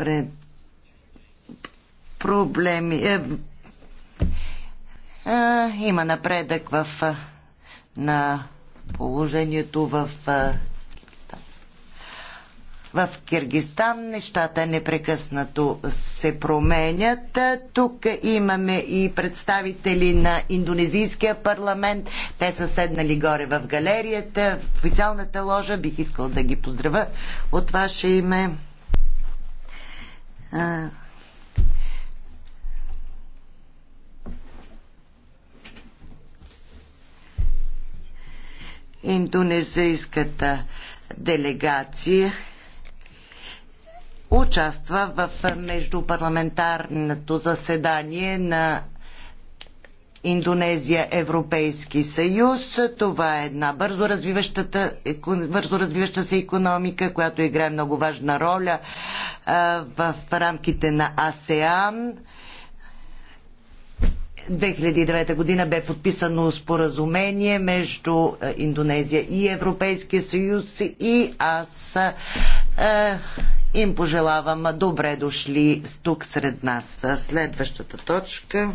пред проблеми. Е, е, има напредък в е, на положението в е, в Киргистан нещата непрекъснато се променят. Тук имаме и представители на индонезийския парламент. Те са седнали горе в галерията, в официалната ложа. Бих искал да ги поздравя от ваше име индонезийската делегация участва в междупарламентарното заседание на Индонезия Европейски съюз. Това е една бързо, развиващата, бързо развиваща се економика, която играе много важна роля в рамките на АСЕАН. 2009 година бе подписано споразумение между Индонезия и Европейския съюз и аз им пожелавам добре дошли тук сред нас. Следващата точка